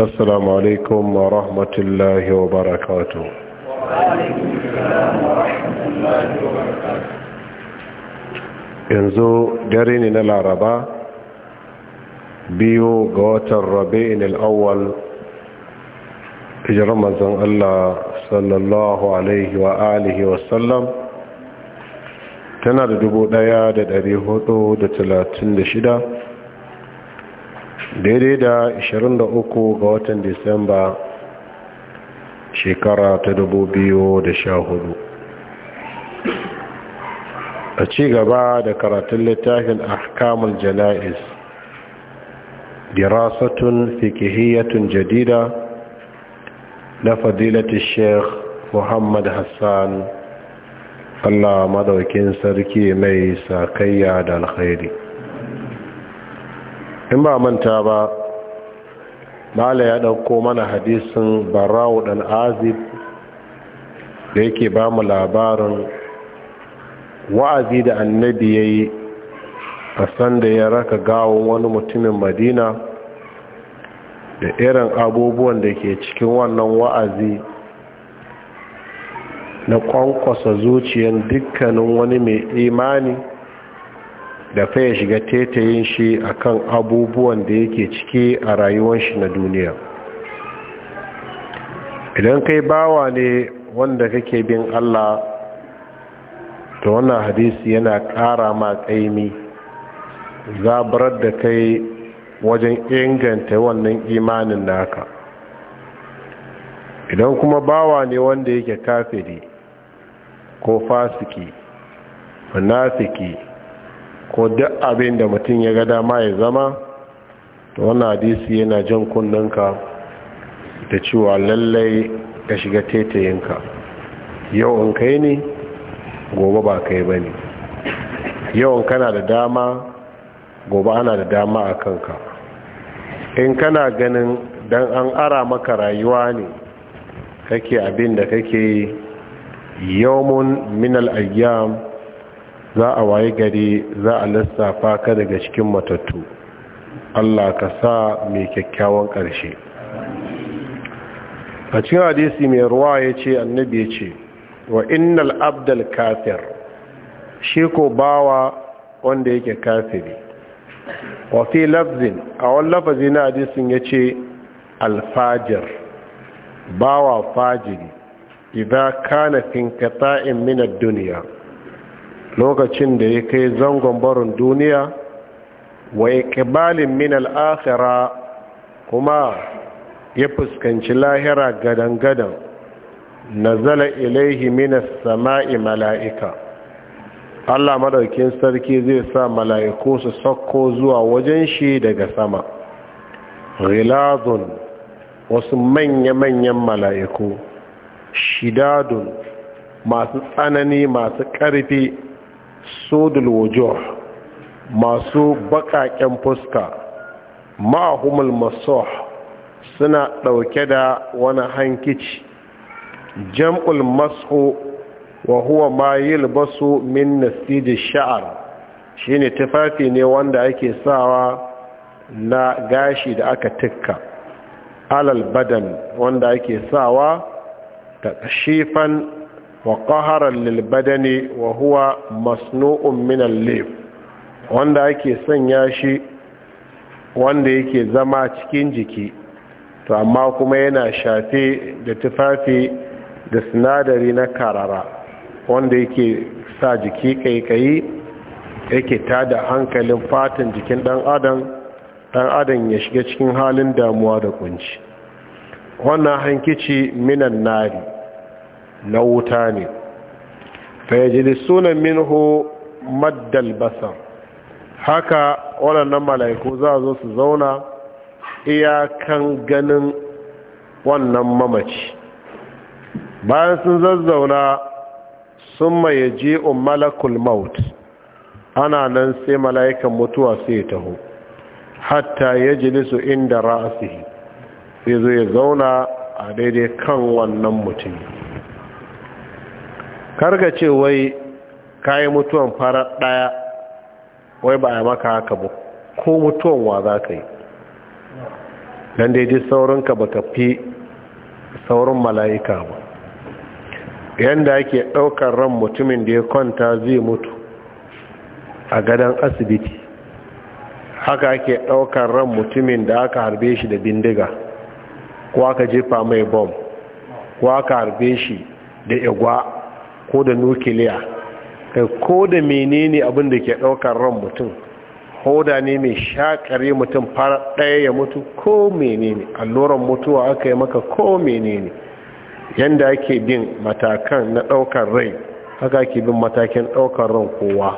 السلام عليكم ورحمة yanzu dare ne na laraba biyu ga watan rabi'in al'awwal hijirar manzon Allah sallallahu tana da dubu ɗaya da da da talatin da shida. daidai da 23 ga watan disamba shekara ta da 2014 a ci gaba da karatun littafin ahkamul jana'iz dirasatun fikihiyatun jadida na fadilatun sheikh muhammad hassan allah madaukin sarki mai sakayya da alkhairi in ba manta ba mala ya ɗauko mana hadisin barawo ɗan azib da yake ba mu labarin wa'azi da annabi ya yi a sanda ya raka gawon wani mutumin madina da irin abubuwan da ke cikin wannan wa'azi na kwankwasa zuciyan dukkanin wani mai imani da fa ya shiga tetayin shi akan abubuwan da yake ciki a rayuwar shi na duniya idan kai bawa ne wanda kake bin Allah to wannan hadisi yana ƙara ma ƙaimi zabarar da kai wajen inganta wannan imanin naka idan kuma bawa ne wanda yake kafiri ko fasiki munafiki ko duk abin da mutum ya ga dama ya zama to wannan hadisi yana jan kunnanka da cewa lallai ka shiga tetayinka yau in kai ne gobe ba kai ba ne yau in kana da dama gobe ana da dama a kanka in kana ganin dan an ara maka rayuwa ne kake abin da kake yawmun minal ayyam za a waye gari za a lissafa ka daga cikin matattu Allah ka sa mai kyakkyawan ƙarshe a cikin hadisi mai ruwa ya ce annabi ya ce wa innal abdal kafir shi ko bawa wanda yake kafiri wa fi lafzin a wani lafazi na hadisin ya ce alfajir bawa fajiri idan kana finkata'in minar duniya lokacin da ya kai zangon barin duniya wa iqbalin min al kuma ya fuskanci lahira gadangadan na zala ilaihi minas sama'i mala'ika Allah madaukin sarki zai sa mala'iku su sakko zuwa wajen shi daga sama Rilazun wasu manya-manyan mala'iku shidadun masu tsanani masu ƙarfi sodul wujuh masu baƙaƙen fuska ma'ahumul masuh suna dauke da wani hankici jam'ul masu wa huwa ma yalbasu min sha'ar shine tufafi ne wanda ake sawa na gashi da aka tikka alal badan wanda ake sawa ta kashifan wa qaharan lil badani wa huwa masnu'un min al wanda ake sanya shi wanda yake zama cikin jiki to amma kuma yana shafe da tufafi da sinadari na karara wanda yake sa jiki kaikayi yake tada hankalin fatan jikin dan adam dan adam ya shiga cikin halin damuwa da kunci wannan hankici minan nari na wuta ne sunan minhu maddal basar haka waɗannan mala'iku za zo su zauna iyakan ganin wannan mamaci bayan sun zazzauna sun maye un malakul maut ana nan sai mala'ikan mutuwa sai taho hatta ya jilisu inda ra'asihi sai zo ya zauna a daidai kan wannan mutum karga ce wai kayi mutuwan farar daya wai ba a maka haka ba ko mutuwan wa za ka yi don daidai saurinka ba ka fi saurin mala'ika ba yadda ake ɗaukar ran mutumin da ya kwanta zai mutu a gadon asibiti haka ake ɗaukar ran mutumin da aka harbe shi da bindiga ko aka jefa mai bom ko aka harbe shi da igwa ko da nukiliya kai ko da menene abin da ke ɗaukar ran mutum hoda ne mai shakare mutum fara ɗaya ya mutu ko menene alluran mutuwa aka yi maka ko menene yanda ake bin matakan na ɗaukar rai haka ake bin matakin ɗaukar ran kowa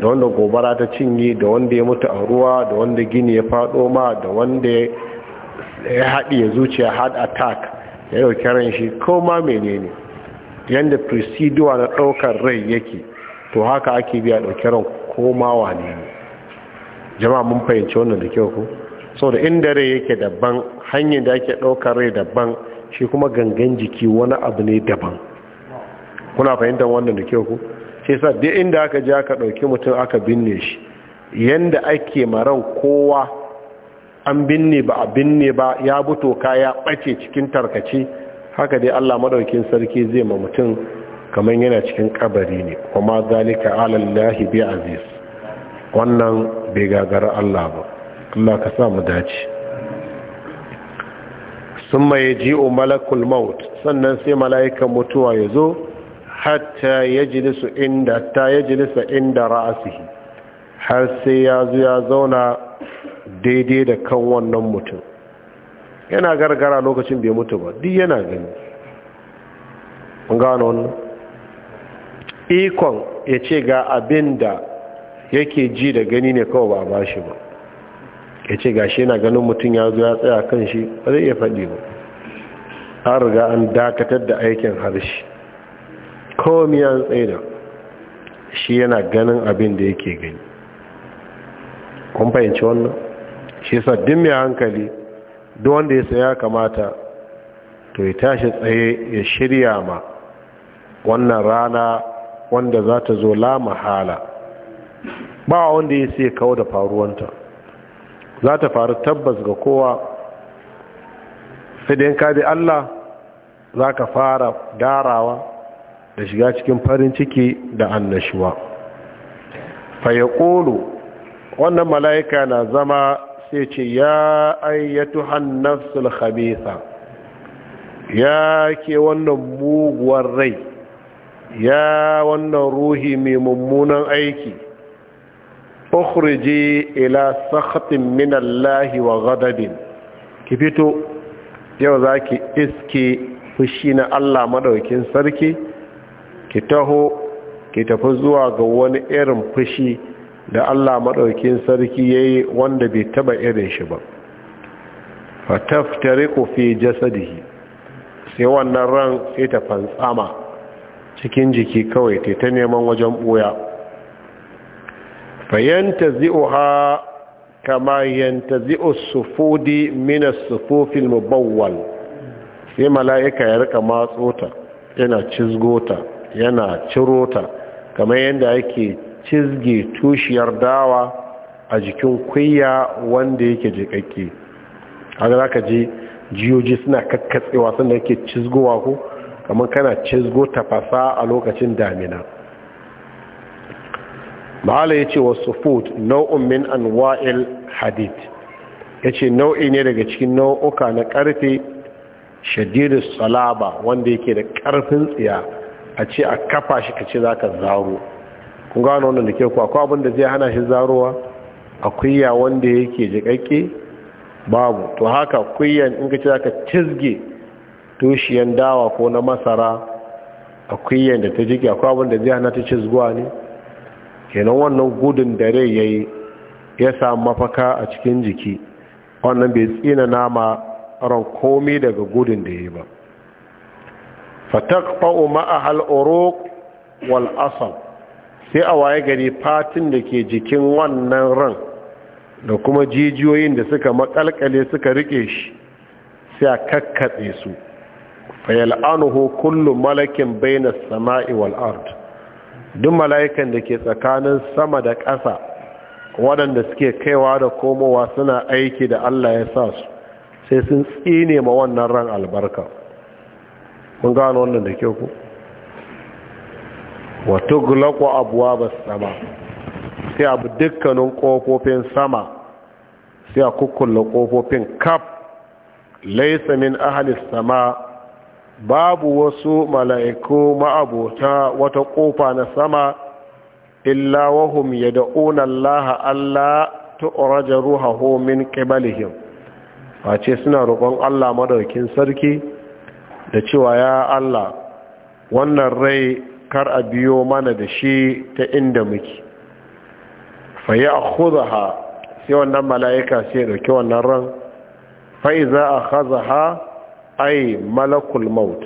da wanda gobara ta cinye da wanda ya mutu a ruwa da wanda gini ya faɗo ma da wanda ya haɗi ya zuciya heart attack ya yau kiran shi ko ma menene yadda presidiwa na ɗaukar rai yake to haka ake biya dauke ran komawa ne jama'a mun fahimci wannan da kyau ku sau da inda rai yake daban hanyar da ake ɗaukar rai daban shi kuma gangan jiki wani abu ne daban kuna fahimtar wannan da kyau ku sai sa duk inda aka je aka ɗauki mutum aka binne shi yanda ake maran kowa an binne ba a binne ba ya buto kaya ɓace cikin tarkace haka dai Allah madaukin sarki zai ma mutum kamar yana cikin kabari ne kuma zalika ala bi aziz wannan bai gagara Allah ba Allah ka samu dace summa yaji'u malakul maut sannan sai mala'ikan mutuwa yazo hatta yajlisu inda ta yajlisa inda ra'sihi har sai ya ya zauna daidai da kan wannan mutum yana gargara lokacin bai mutu ba duk yana gani an gano wannan ikon ya ce ga abin da yake ji da gani ne kawai ba ba shi ba ya ce ga shi yana ganin mutum ya zo ya tsaya kan shi ba zai iya faɗi ba an riga an dakatar da aikin harshe komi ya tsaida shi yana ganin abin da yake gani kun fahimci wannan shi sa duk mai hankali duk wanda ya saya kamata to ya tashi tsaye ya shirya ma wannan rana wanda za ta zo la mahala ba wanda ya sai kawo da faruwanta za ta faru tabbas ga kowa sai da ka bi Allah za ka fara darawa da shiga cikin farin ciki da annashuwa fa ya wannan mala'ika na zama sai ce ya ayyatu hannafsul khabitha ya ke wannan muguwar rai ya wannan ruhi mai mummunan aiki ukhriji ila sakhatin min Allah wa ghadabin ki fito yau zaki iske fushi na Allah madaukin sarki ki taho ki tafi zuwa ga wani irin fushi da Allah maɗaukin sarki ya yi wanda bai taba irin shi ba fataftariku fi jasadihi sai wannan ran sai ta fantsama cikin jiki kawai ta ta neman wajen ɓoya fayyanta ha kama yanta zi'u sufudi mina sufufin mubawwal sai mala'ika ya rika matsota yana cizgota yana cirota kamar yadda ake cizge tushiyar dawa a jikin kwayya wanda yake jikakke haka za ka je jiyoji suna kakkatsewa suna yake cizgowa ko kamar kana cizgo tafasa a lokacin damina ma'ala ya ce wasu food nau'un min an wa'il hadid ya ce nau'i ne daga cikin nau'uka na ƙarfe shadidu salaba wanda yake da ƙarfin tsiya a ce a kafa shi ka ce za ka zaro kun gano wannan da ke ku akwai abin da zai hana shi zarowa akuya wanda yake jikakke babu to haka kuyan in ka ce zaka cizge tushiyan dawa ko na masara akuyan da ta jike akwai abin da zai hana ta cizguwa ne kenan wannan gudun da rai yayi ya samu mafaka a cikin jiki wannan bai tsina nama ran komai daga gudun da yayi ba fatakfa'u ma'ahal uruq wal asab sai a waye gari fatin da ke jikin wannan ran da kuma jijiyoyin da suka makalkale suka rike shi sai a kakkatse su fayal'anuhu kullu malakin baina sama'i wal ard duk mala'ikan da ke tsakanin sama da ƙasa waɗanda suke kaiwa da komowa suna aiki da Allah ya sa su sai sun tsine ma wannan ran albarka mun gano wannan da kyau ku wato gulaku abuwa ba sama sai abu dukkanin ƙofofin sama sai a kukkulla ƙofofin kaf laisa min ahalis sama babu wasu mala'iku ma'abota wata ƙofa na sama illa wahum ya da'una Allah Allah tu'raja ruhahu min qibalihim face suna roƙon Allah madaukin sarki da cewa ya Allah wannan rai kar a biyo mana da shi ta inda muke fa a ha sai wannan mala'ika sai dauki wannan ran fai za a haza ai malakul maut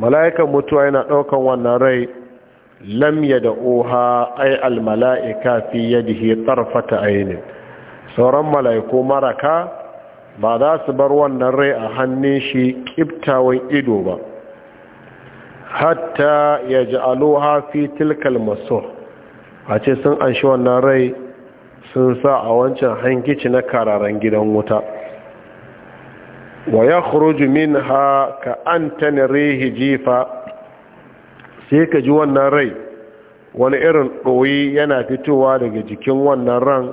mala'ikan mutuwa yana daukan wannan rai lam da oha ai almala'ika fi yadihi tarfata ainin sauran mala'iku maraka ba za su bar wannan rai a hannun shi kiftawan ido ba hatta ya ji aloha fi tilkal maso a ce sun anshi wannan rai sun sa a wancan hankici na kararen gidan wuta wa ya min ha ka an tanire jifa sai ka ji wannan rai wani irin ɗoyi yana fitowa daga jikin wannan ran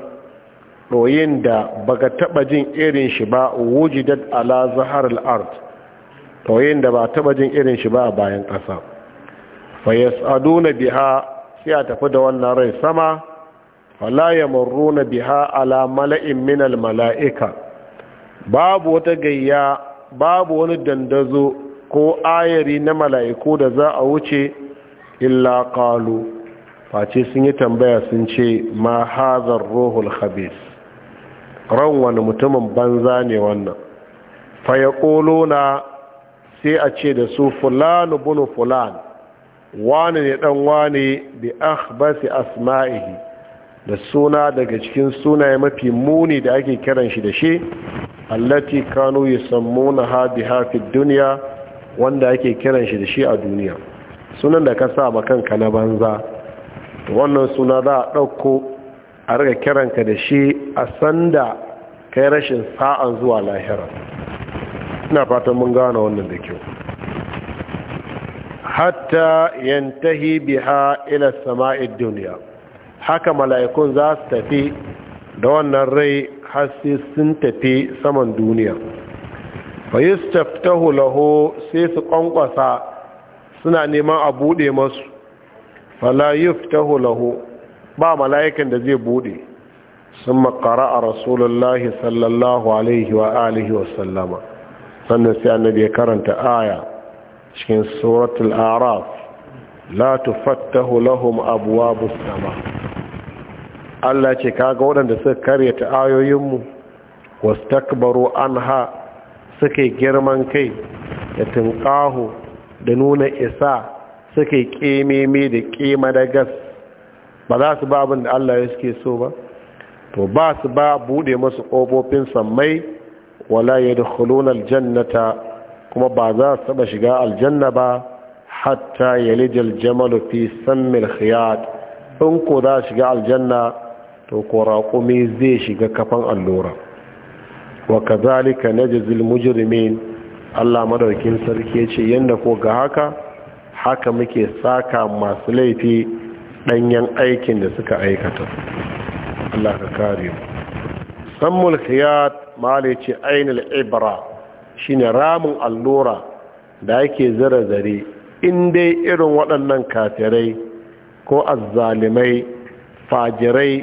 ɗoyin da baka taɓa jin irin shi ba wujidat ala zahar art. tawayin da ba taba jin irin shi ba a bayan ƙasa Fayas Aduna biha sai a tafi da wannan rai sama fala yamurruna biha ala mala'in minal mala'ika babu wata gayya babu wani dandazo ko ayari na mala'iku da za a wuce illa ƙalu. face sun yi tambaya sun ce ma hazar ruhul habis. ran wani mutumin banza ne wannan Fayakolo na sai a ce da su fulani bunu fulan wani ne dan wani bi akhbasi asma'ihi da suna daga cikin sunaye mafi muni da ake kiran shi da shi allati kanu yusammuna ha biha fi dunya wanda ake kiran shi da shi a duniya sunan da ka sa ma kanka na banza wannan suna za a dauko a riga kiranka da shi a sanda kai rashin sa'an zuwa lahira ina fatan mun gane wannan da kyau hatta yantahi biha ila sama'id duniya haka mala'ikun za su tafi da wannan rai har sai sun tafi saman duniya fa yastaftahu lahu sai su kwankwasa suna neman a bude masu fala yuftahu lahu ba mala'ikan da zai bude sun makara a rasulullahi sallallahu alaihi wa alihi wasallama sannan sai annabi ya karanta aya cikin suratul araf la tufattahu lahum abwabus sama Allah ce kaga waɗanda suka karya karyata ayoyinmu wastakbaru anha suke girman kai da tunƙaho da nuna isa suke kememe da kema da gas ba za su ba abin da Allah ya suke so ba to ba su ba bude masu ƙofofin sammai wala yadkhuluna aljannata kuma ba za su taɓa shiga aljanna ba hatta lijal Jamalu fi sammil khiyat in ko za shiga aljanna to ko raƙumi zai shiga kafan allura wa kazalika najzil mujrimin Allah madaukin sarki ce, yadda ko ga haka haka muke saka masu laifi ɗanyen aikin da suka aikata Allah ka kare mu sammul khiyat mala ce ainihin ibra shi ne ramin allura da yake zira zare in irin waɗannan kafirai ko azzalimai fajirai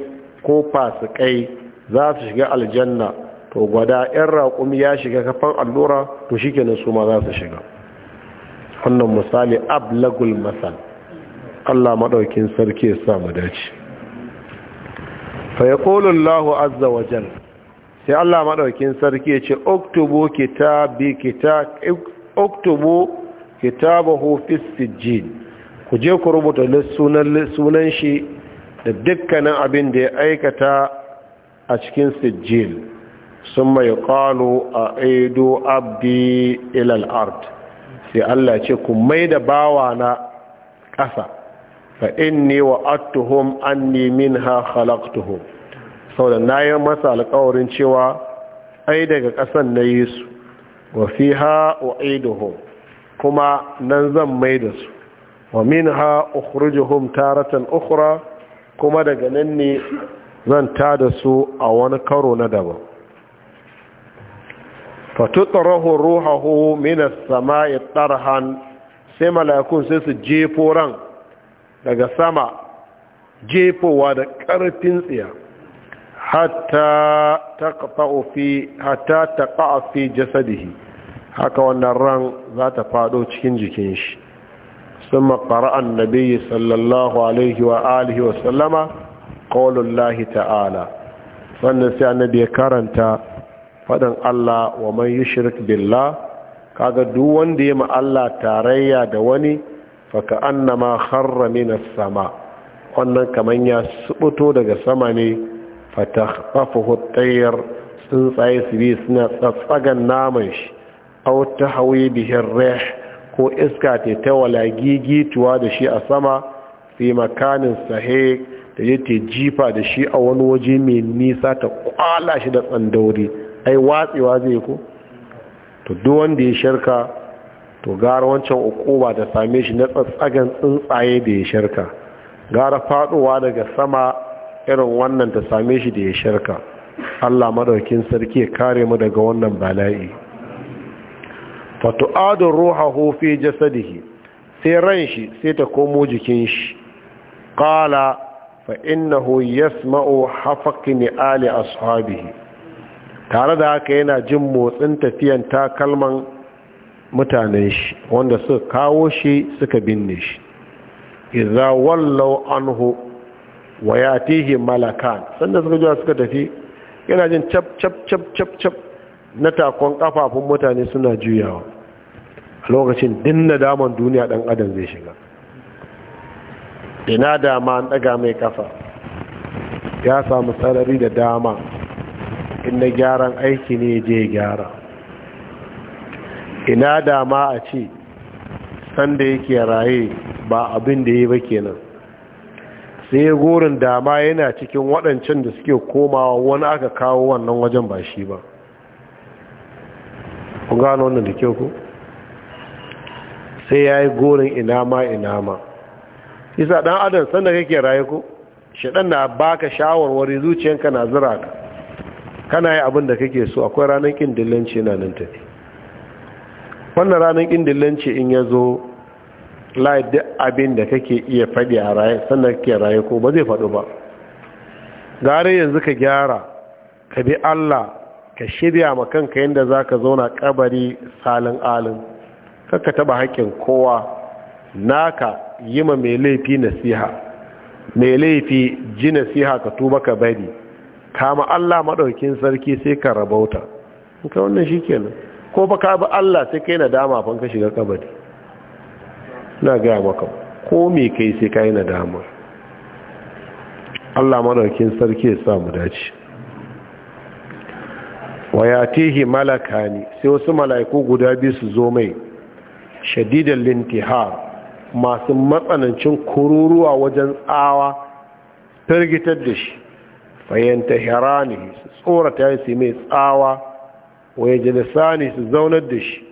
ko fasikai za su shiga aljanna to gwada 'yan raƙumi ya shiga kafan allura to shi kenan su ma za su shiga wannan misali ablagul masal allah maɗaukin sarki ya samu dace fa ya azza wajen sai Allah maɗaukin sarki ya ce oktobo kitabi oktobo kitabahu sijjin ku je ku rubuta sunan shi da dukkanin abin da ya aikata a cikin sijjin sun mai ƙalo a aido abdi ilal art sai Allah ce ku mai da bawa na ƙasa fa inni wa attuhum anni ha halaktuhum da na yi masa alkawarin cewa ai daga ƙasan na yi su wa fi ha wa kuma nan zan mai da su wa min ha ukhrijuhum taratan ukhra kuma daga nan ne zan ta da su a wani karo na daban fatutrahu ruhahu min as-sama'i tarhan sai mala'ikun sai su jefo ran daga sama jefowa da ƙarfin tsiya hatta ta fi jasadihi haka wannan ran za ta cikin jikin shi sun makara annabi sallallahu alaihi wa alihi wa ƙaunullahi ta'ala sannan sai annabi ya karanta faɗin Allah wa man yi shirk billah kaga duk wanda ya Allah tarayya da wani faka annama harrami na sama wannan kamar ya subuto daga sama ne فتخطفه الطير tsuntsaye su bi suna tsatsagan naman shi aw ta bihi ar reh ko iska ta ta tuwa da shi a sama fi makanin sahe da yake jifa da shi a wani waje mai nisa ta kwala shi da tsandauri ai watsewa zai ko to duk wanda ya shirka to gara wancan ukuba ta same shi na tsatsagan tsuntsaye da ya shirka gara faduwa daga sama irin wannan ta same shi da ya shirka Allah madaukin sarki ya kare mu daga wannan bala'i fatu'adu ruhahu fi jasadihi sai ran shi sai ta komo jikin shi qala fa innahu yasma'u hafaqni ali ashabihi tare da haka yana jin motsin tafiyan takalman mutanen shi wanda suka kawo shi suka binne shi idza wallau anhu wa ya tihi malakan sanda suka zuwa suka tafi yana jin cap cap cap cap cap na takon kafafun mutane suna juyawa a lokacin din nadaman duniya dan adam zai shiga ina dama an daga mai kafa ya samu tsarari da dama inda gyaran aiki ne je gyara ina dama a ce sanda yake raye ba abin da yi ba kenan sai gorin dama yana cikin waɗancan da suke komawa wani aka kawo wannan wajen ba shi ba ku gano wannan da kyau ku sai ya yi gorin inama inama isa ɗan adam sanda kake raye ku ɗan na baka shawarwari zuciyanka na zira ka kana yi abin da kake so akwai ranar ƙin dillanci na nan tafi wannan ranar ƙin dillanci in ya zo lai duk abin da kake iya faɗi a raye sannan ke raye ko ba zai faɗo ba gare yanzu ka gyara ka bi Allah ka shirya ma kanka yadda za ka zauna kabari salin alin kakka taba haƙƙin kowa naka yi ma mai laifi nasiha mai laifi ji nasiha ka tuba ka bari kama Allah maɗaukin sarki sai ka rabauta ka wannan shi kenan ko ba ka bi Allah sai kai na dama fanka ka shiga kabari na gaya maka ko me kai sai ka yi nadama Allah madaukin sarki ya sa mu dace wa malakani sai wasu mala'iku guda biyu su zo mai shadidan lintihar masu matsanancin kururuwa wajen tsawa firgitar da shi fayyanta herani su tsorata su mai tsawa waye jalisa ne su zaunar da shi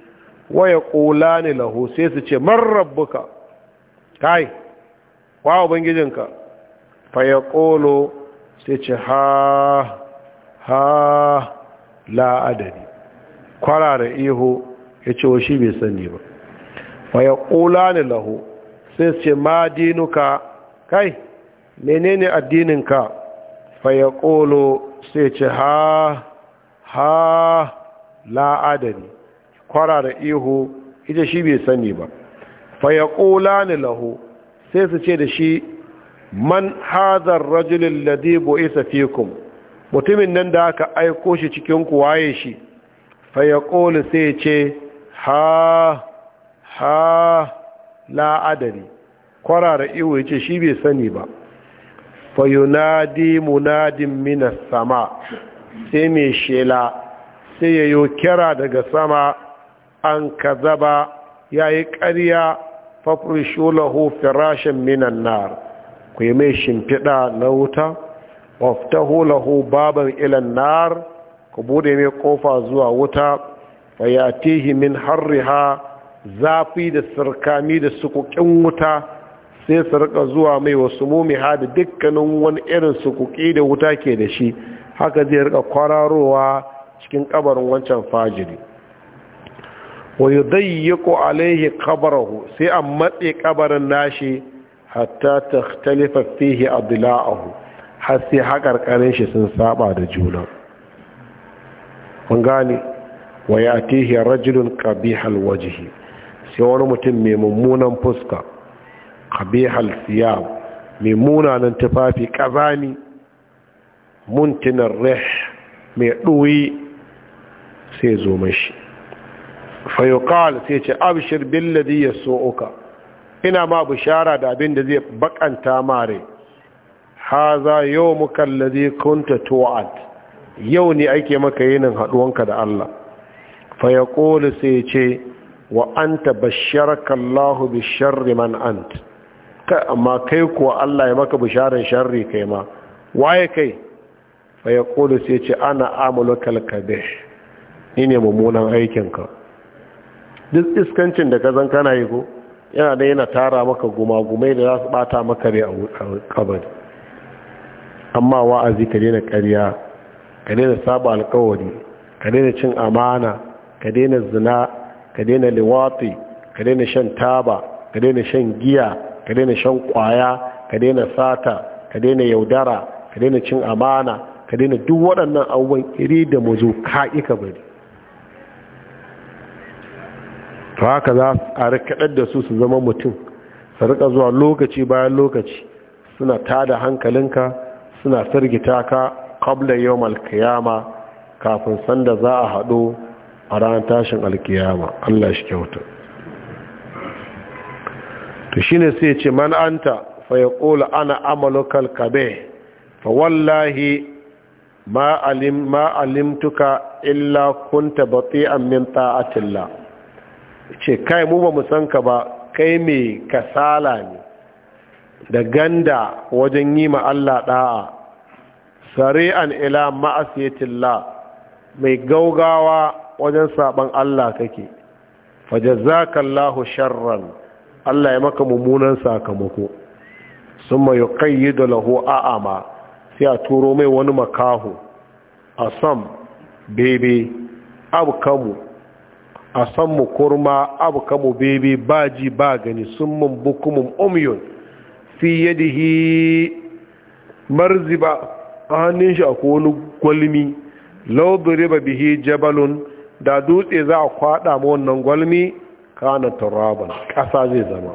waya ƙola ne lahu sai su ce man rabbuka kai wa ubangijinka fa ya ƙolo sai ce ha ha la adani kwarara ihu ya ce shi bai sani ba fa ya ƙola ne lahu sai su ce ma dinuka kai menene addininka fa ya ƙolo sai ce ha ha la adani kwarara ihu ita shi bai sani ba fayaƙola ni laho sai su ce da shi man hazar rajulun ladibo isa fikum mutumin nan da aka aiko shi cikin kuwaye shi fayaƙola sai ce ha ha la'adari kwarara ihu ya ce shi bai sani ba fayunadi munadin minas sama sai mai shela sai yayo kira daga sama an kazaba ya yayi ƙarya fafrishu lahu firashin minan nar ku yi mai shimfiɗa na wuta waftahu lahu baban ilan nar ku bude mai ƙofa zuwa wuta tehi min harriha zafi da sarkami da sukukin wuta sai su rika zuwa mai wasu mumiha da dukkanin wani irin sukuki da wuta ke da shi haka zai rika kwararowa cikin kabarin wancan fajiri wa yudayyiqu alaihi qabrahu sai a matse kabarin nashi hatta takhtalifa fihi adla'ahu har sai haƙarƙarin shi sun saba da juna mun gane a yatihi rajulun qabihal wajihi, sai wani mutum mai mummunan fuska qabihal siya, mai munanan tufafi ƙabani, muntinar rih mai ɗoyi sai zo mashi Fayokal sai ce abshir so uka. ina ma bishara da abin da zai bakanta mare haza muka alladhi kunta Tuwa'ad. yau ne ake maka yinin haduwanka da Allah fayokal sai ce wa anta basharaka kallahu bisharri man ant amma kai kuwa Allah ya maka bisharar sharri kai ma waye kai fayokal sai ce ana amulokal kabe ni ne mummunan aikinka duk iskancin da ka zan kana yi ko yana da yana tara maka gumagumai da za su bata maka ne a kabari amma wa'azi ka daina ƙarya ka daina saba alkawari ka daina cin amana ka daina zina ka daina liwafi ka daina shan taba ka daina shan giya ka daina shan kwaya ka daina sata ka daina yaudara ka daina cin amana ka daina duk waɗannan abubuwan iri da mu zo ka bari to haka za a rikadar da su su zama mutum su rika zuwa lokaci bayan lokaci suna tada hankalinka suna firgita ka kabla yau malkiyama kafin sanda za a hado a ranar tashin alkiyama Allah shi kyauta to shine sai ce man anta fa yaqulu ana amalukal kabe, fa wallahi ma alim ma alimtuka illa kunta bati'an min ta'atillah ce kai mu ba mu san ka ba kai mai kasala ne da ganda wajen yi ma Allah da'a sari'an ila ma'asiyatillah mai gaugawa wajen saban Allah kake fajazakallahu sharran Allah ya maka mummunan sakamako sun mai da lahu a'ama sai a turo mai wani makaho a sam bebe abu a san mu kurma abu mu bebe ba ji ba gani sun mun bukumun umyun fi yadihi marziba a hannun shi akwai wani gwalmi laudure ba bihi jabalun da dutse za a kwada ma wannan gwalmi kana turaban ƙasa zai zama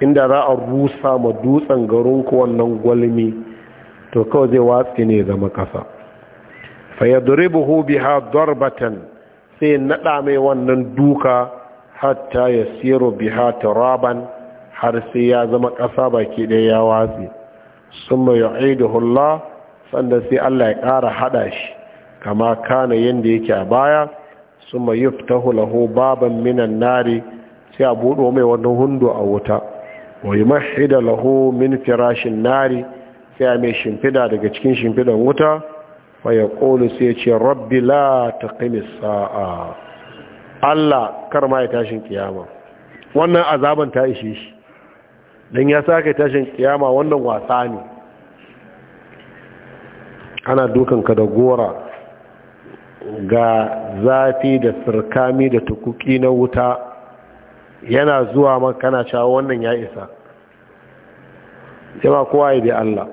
inda za a rusa ma dutsen garin ku wannan gwalmi to kawai zai watsi ne zama ƙasa fayadure buhu biha darbatan sai naɗa mai wannan duka hatta ya siro biha turaban har sai ya zama ƙasa baki ɗaya ya watsi sun mai yu'idullah sannan sai Allah ya ƙara haɗa shi kama kana yanda yake a baya sun mai yuftahu lahu baban minan nari sai a buɗo mai wannan hundu a wuta wa yumahhida lahu min firashin nari sai a mai shimfida daga cikin shimfidan wuta wa ya ƙolu sai ya ce rabbi la ta kami sa'a Allah kar ma ya tashin kiyama wannan azaban ta ishe shi don ya sa ka tashin kiyama wannan wasa ne ana dukanka da gora ga zafi da sirkami da tukuki na wuta yana zuwa makana cewa wannan ya isa jama kowa ya bi Allah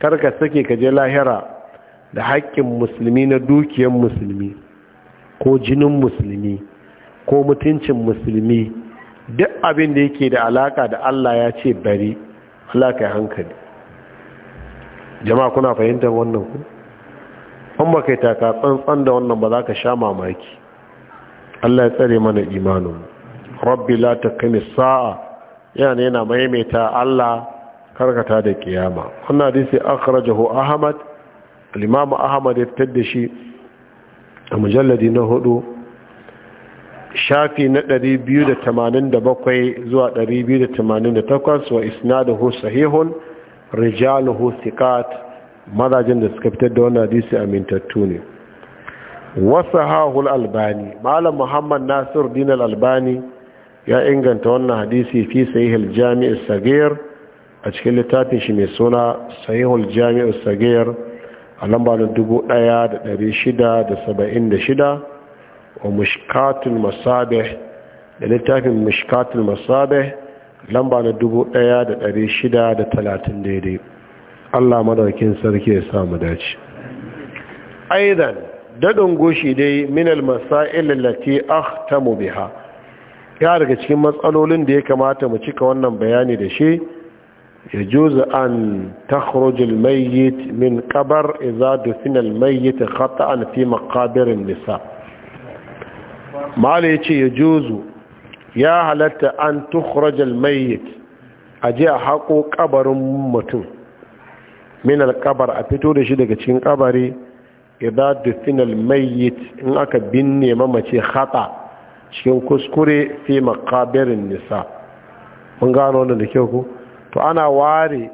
karka sake ka je lahira da haƙƙin musulmi na dukiyar musulmi ko jinin musulmi ko mutuncin musulmi duk abin da yake da alaƙa da Allah ya ce bari alaƙa ya hankali jama'a kuna fahimtar wannan ku an ba kai taka tsantsan da wannan ba za ka sha mamaki Allah ya tsare mana imanin rabbi la takami sa'a yana yana maimaita Allah karkata da kiyama wannan hadisi akhrajahu ahmad al ahmad ya fitar da shi a mujalladi na hudu shafi na 287 zuwa 288 wa isnaduhu sahihun rijaluhu thiqat mazajin da suka fitar da wannan hadisi amintattu ne wasu hahul albani malam muhammad nasir din albani ya inganta wannan hadisi fi sahihul jami'is sagir a cikin littafin shi mai suna sahihul jami'is sagir a lamba na 1676 wa mushkatul masabe da littafin mushkatul masabe lamba na 1630 daidai Allah madaukin sarki ya samu dace aidan dadin goshi dai minal masail allati akhtamu biha ya daga cikin matsalolin da ya kamata mu cika wannan bayani da shi يجوز أن تخرج الميت من قبر إذا دفن الميت خطأ في مقابر النساء ما ليتي يجوز يا هلت أن تخرج الميت أجي حق قبر متن من القبر أبتو دشي تشين قبري إذا دفن الميت إن أكا بني ممتي خطأ تشين كسكري في مقابر النساء من قالوا لنا da to ana ware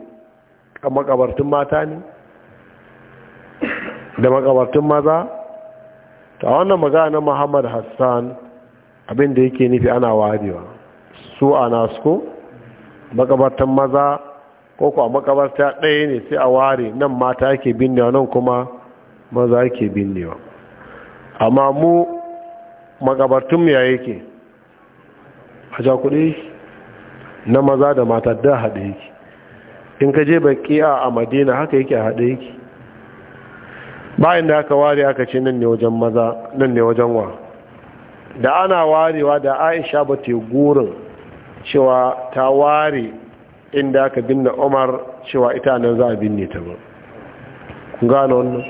makabartun mata ne da makabartun maza ta wannan magana muhammad hassan abinda yake nufi ana warewa su a nasko makabartun maza ko kuwa makabarta ɗaya ne sai a ware nan mata ke binnewa nan kuma maza ke binnewa amma mu makabartun ya yake a ja na maza da mata da haɗe yake in ka je baƙi a madina haka yake a haɗe yake bayan da aka ware aka ce nan ne wajen maza nan ne wajen wa da ana warewa da aisha ba te gurin cewa ta ware inda aka binne umar cewa ita nan za a binne ta ba kun gane wannan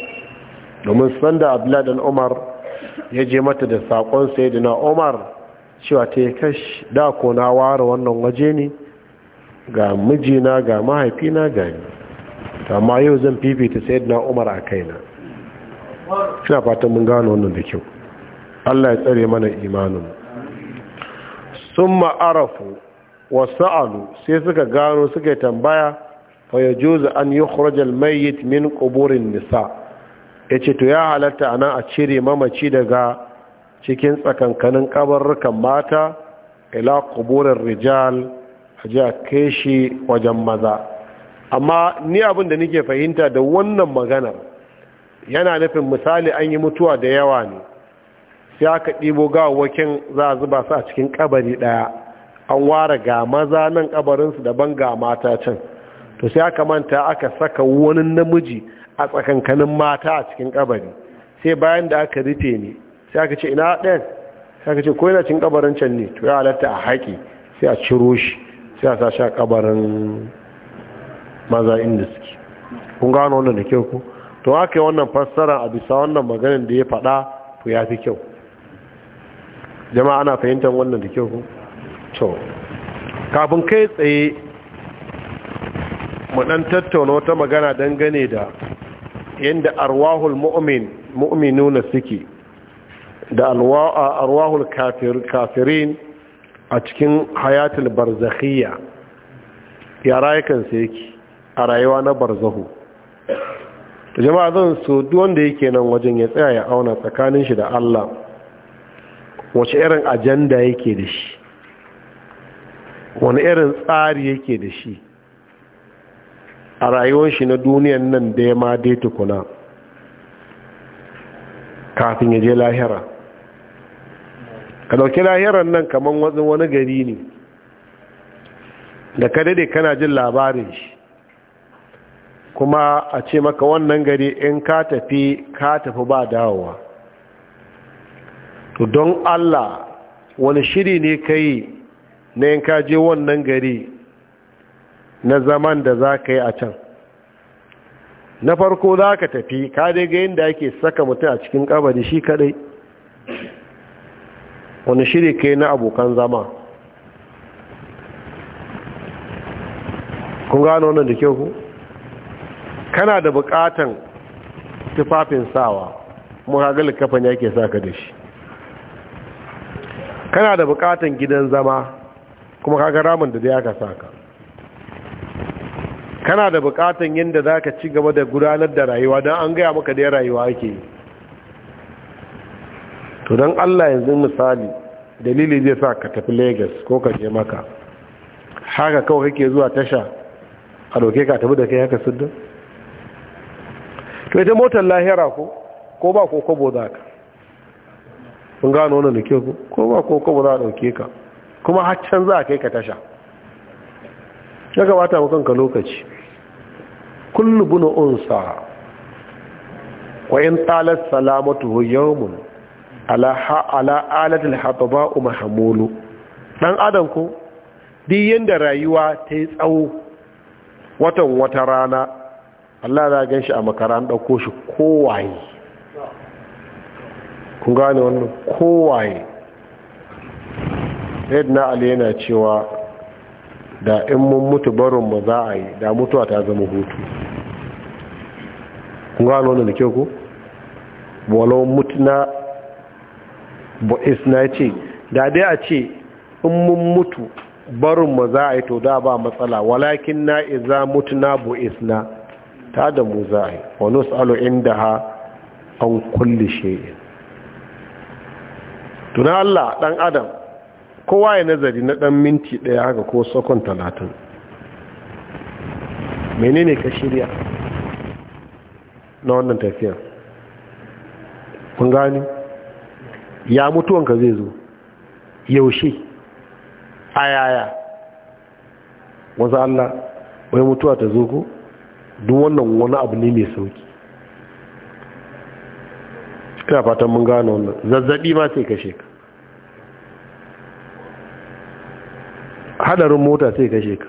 domin sanda abdullahi dan umar ya je mata da saƙon sayyidina umar cewa ta yi kashi da ko na ware wannan waje ne ga mijina ga mahaifina ga ni amma yau zan fifita sai na umar a kaina suna fatan mun gano wannan da kyau allah ya tsare mana imanin sun ma'arafu wasu alu sai suka gano suka tambaya faya juzu an yi khurajal mayyit min kuburin nisa ya ce to ya halatta a nan a cire mamaci daga cikin tsakankanin kabarrukan mata ila kuburin rijal a ji a kai shi wajen maza amma ni abin da nike fahimta da wannan maganar yana nufin misali an yi mutuwa da yawa ne sai aka ɗibo gawakin za a zuba su a cikin kabari ɗaya an ware ga maza nan kabarinsu daban ga mata can to sai aka manta aka saka wani namiji a tsakankanin mata a cikin kabari sai bayan da aka rufe ne sai aka ce ina ɗayan sai aka ce ko yana cin kabarin can ne to ya halatta a haƙi sai a ciro shi sai a sashi a kabarin maza inda suke kun gano wannan da kyau ku to aka yi wannan fassara a bisa wannan maganin da ya faɗa to ya fi kyau jama'a ana fahimtar wannan da kyau ku to kafin kai tsaye mu ɗan tattauna wata magana dangane da yadda arwahul mu'min mu'minuna suke da arwahul kafirin a cikin hayatul barzakhiya. ya rayukansa yake a rayuwa na barzahu jama'a zan so wanda yake nan wajen ya tsaya ya auna tsakanin shi da Allah wace irin ajanda yake da shi wani irin tsari yake da shi a rayuwar shi na duniyan nan da ya ma dai tukuna kafin ya je lahira ka dauki lahiran nan kamar wazin wani gari ne da ka dade kana jin labarin shi kuma a ce maka wannan gari in ka tafi ka tafi ba dawowa to don Allah wani shiri ne ka yi na yin ka je wannan gari na zaman da za ka yi a can na farko za ka tafi ka dai ga yin da ake saka mutum a cikin kabari shi kadai wani shiri ke na abokan zama kun gano wannan da kyau ku kana da bukatan tufafin sawa muhagal kafin yake sa ka da shi kana da bukatan gidan zama kuma kaga ramin da dai aka saka kana da bukatan yadda za ka ci gaba da gudanar da rayuwa don an gaya maka da rayuwa ake yi to don allah yanzu misali dalili zai sa ka tafi lagos ko ka je maka haka kawai kake zuwa tasha a doke ka tafi da kai haka suddin to ita motar lahira ko ko ba ko kobo za ka kun gano wani da ko, ku ko ba ko kobo za a dauke ka kuma haccan za a kai ka tasha ya gabata wa kanka lokaci kullu bunu unsa wa in talat salamatu yawmun ala alatul hataba mahamulu dan adam ko duk yanda rayuwa ta yi tsawo watan wata rana Allah za gan shi a makaran ɗauko shi kowaye kun gane wannan kowaye na ali yana cewa da in mun mutu barin mu za a yi da mutuwa ta zama hutu kun gane wannan da kyau ku walau mutuna bo'is na ce da dai a ce in mun mutu barin mu za a yi to da ba matsala walakin na iza mutu na bo'is na ta da mu za a yi wani tsalo inda ha an kulle shi'in tuna Allah ɗan adam kowa ya nazari na ɗan minti ɗaya haka ko sakon talatin menene ka shirya na wannan tafiya kun gani ya mutuwanka zai zo yaushe a yaya wasu Allah wai mutuwa ta zo ku duk wannan wani abu ne mai sauki ina fatan mun gano wannan zazzabi ma sai kashe ka hadarin mota sai kashe ka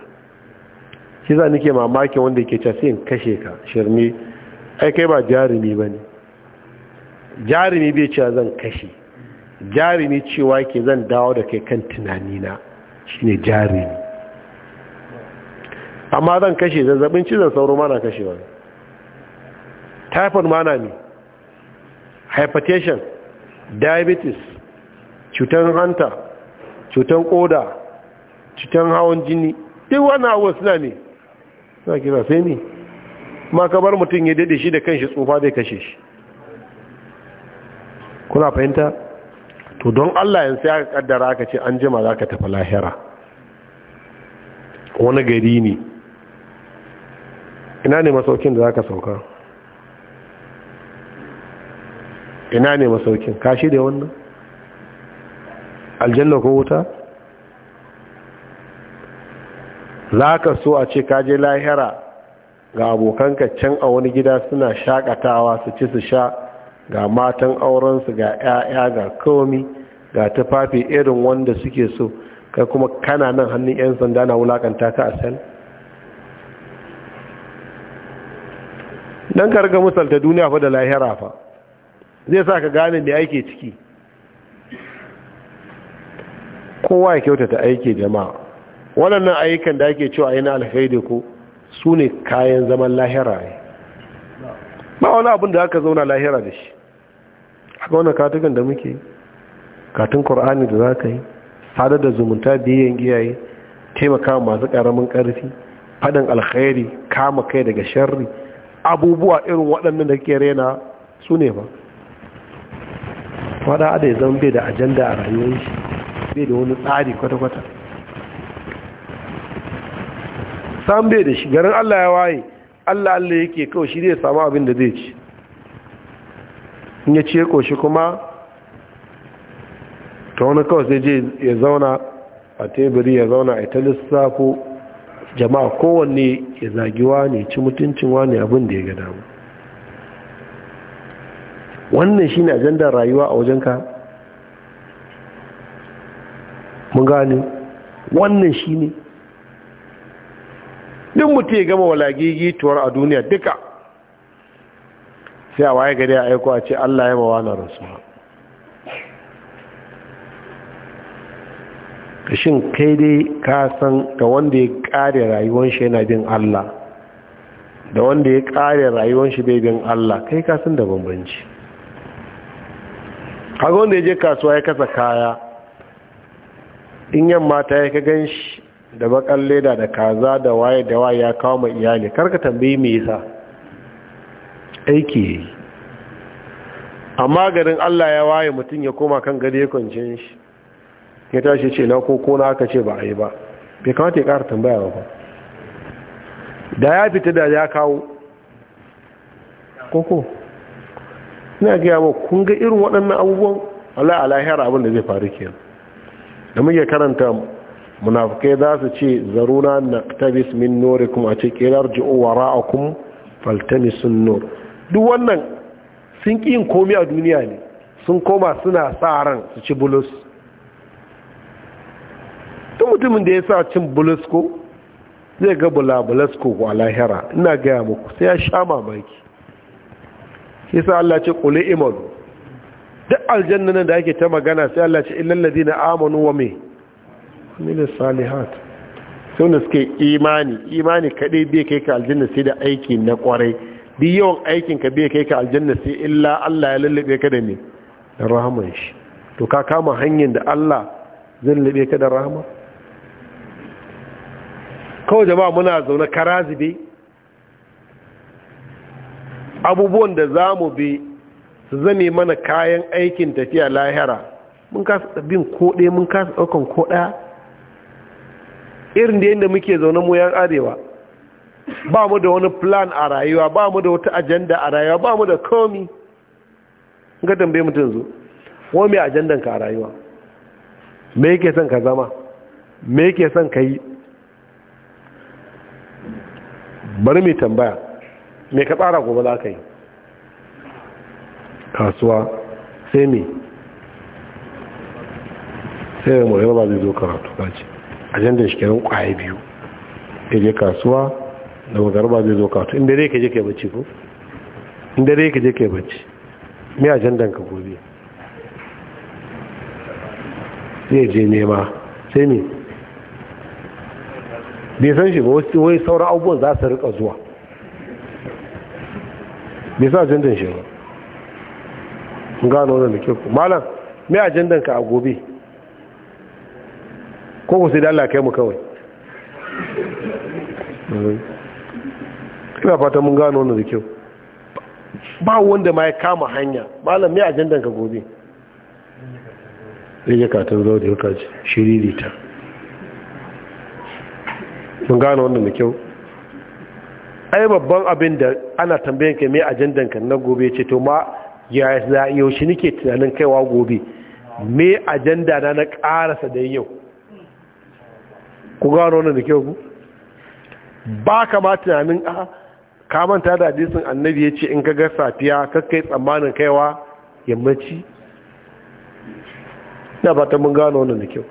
shi za nike mamaki wanda ke cewa sai kashe ka shirme ai kai ba jarumi ba ne jarumi bai cewa zan kashe ne cewa ke zan dawo da kai kan tunanina shine ne amma zan kashe zazzabin cizon sauro mana kashewa typhoid mana ne hypertension diabetes cutar hanta cutar koda cutar hawan jini duk wani abuwa suna ne suna kira sai ne makabar ka bar mutum ya dade shi da kanshi tsufa zai kashe shi kuna fahimta to don Allah yanzu ya kaddara aka ce an jima za ka tafi lahira wani gari ne ina ne masaukin da za ka sauka ina ne masaukin kashi da wannan aljanna ko wuta za ka so a ce kaje lahira ga abokanka can a wani gida suna shakatawa su ci su sha ga matan aurensu ga 'ya'ya ga komi ga tufafi irin wanda suke so kai kuma kana nan hannun 'yan sanda na wulakanta ka a sel don karga musalta duniya fa da lahira fa zai sa ka gane da aiki ciki kowa ya kyautata aiki jama'a waɗannan ayyukan da ake cewa yana alkhairi ko su ne kayan zaman lahira ne ba wani abin da aka zauna lahira da shi wannan katukan da muke katun Kur'ani da za ka yi sadar da zumunta biyan giyaye taimaka masu ƙaramin ƙarfi faɗin alkhairi kama kai daga sharri abubuwa irin waɗannan da ke rena su ne ba faɗa da ya zama bai da ajanda a rayuwar shi bai da wani tsari kwata-kwata sam bai da shi garin allah ya waye allah allah yake kawai shi zai samu abin da zai ci in ya ciye koshi kuma ta wani kawai sai je ya zauna a teburi ya zauna a ta lissafo jama'a kowanne ya zagiwa ne ci mutuncinwa ne abin da ya gada mu wannan shi ne ajandar rayuwa a wajenka mun gane wannan shi ne duk mutu ya gama walagigi tuwar a duniya duka sai a waye gari a aiko a ce allah ya mawa na rasuwa kashin kai dai ka san da wanda ya kare rayuwar shi yana bin allah da wanda ya kare rayuwar shi bai bin allah kai ka san da bambanci haka wanda ya je kasuwa ya kasa kaya in yamma ta ya ka gan shi da bakan leda da kaza da waye da waye ya kawo mai iyali karka tambayi me yasa aiki ya yi amma garin allah ya waye mutum ya koma kan gari ya kwanciyar shi ya tashi ce na koko na aka ce ba a yi ba bai kamata ya kara tambaya ba da ya fita da ya kawo koko ina gaya ma kun ga irin waɗannan abubuwan ala alahiyar abin da zai faru ke da muke karanta munafukai za su ce zaruna na tabis min nori kuma a ce ƙirar ji'o faltani sun nori duk wannan sun ƙi yin komi a duniya ne sun koma suna sa ran su ci bulus ta mutumin da ya sa cin bulus ko zai ga bulabulas ko a lahira ina gaya muku sai ya sha mamaki sai sa Allah ce ƙule imanu duk aljannan da ake ta magana sai Allah ce illallazi na amanu wa me amina salihat sai wanda suke imani imani kaɗai bai kai ka aljanna sai da aiki na ƙwarai duk yawan aikin ka bai kai ka aljanna sai illa Allah ya lullube ka da me da rahaman shi to ka kama hanyar da Allah zai lullube ka da rahama kawai jama'a muna zaune karazibe abubuwan da za mu bi su zame mana kayan aikin tafiya lahira mun kasa bin ko ɗaya mun kasa ɗaukan ko ɗaya irin da yadda muke zaune mu yan arewa ba mu da wani plan a rayuwa ba mu da wata ajanda a rayuwa ba mu da komi ga tambaye mutum zo wani mai ajandan ka a rayuwa me yake son ka zama me yake son ka yi bari mai tambaya me ka tsara gobe za ka yi kasuwa sai me sai da mawai ba zai zo karatu ba ce ajandan shi kenan kwaye biyu ya je kasuwa da magarba zai zo kawo inda dai ka je yi bacci ko inda dai ka je yi bacci me ajandan ka gobe zai je nema sai me bai san shi ba wai sauran abubuwan za su rika zuwa bai sa ajandan shi ba gano wani da ku malam me ajandan ka a gobe ko ku sai da Allah kai mu kawai ina fata mun gano wannan da kyau ba wanda ma ya kama hanya malam ya ajandan ka gobe zai yi katon zaune ya kaji shiririta mun gano wannan da kyau ai babban abin da ana tambayin ka mai ajandan ka na gobe ce to ma yaushe nike tunanin kaiwa gobe me ajanda na na karasa da yau ku gano wannan da kyau ku ba kama tunanin a ka manta da hadisin annabi ya ce in ka ga safiya kakkai tsammanin kaiwa yammaci na ba ta mun gano wannan da kyau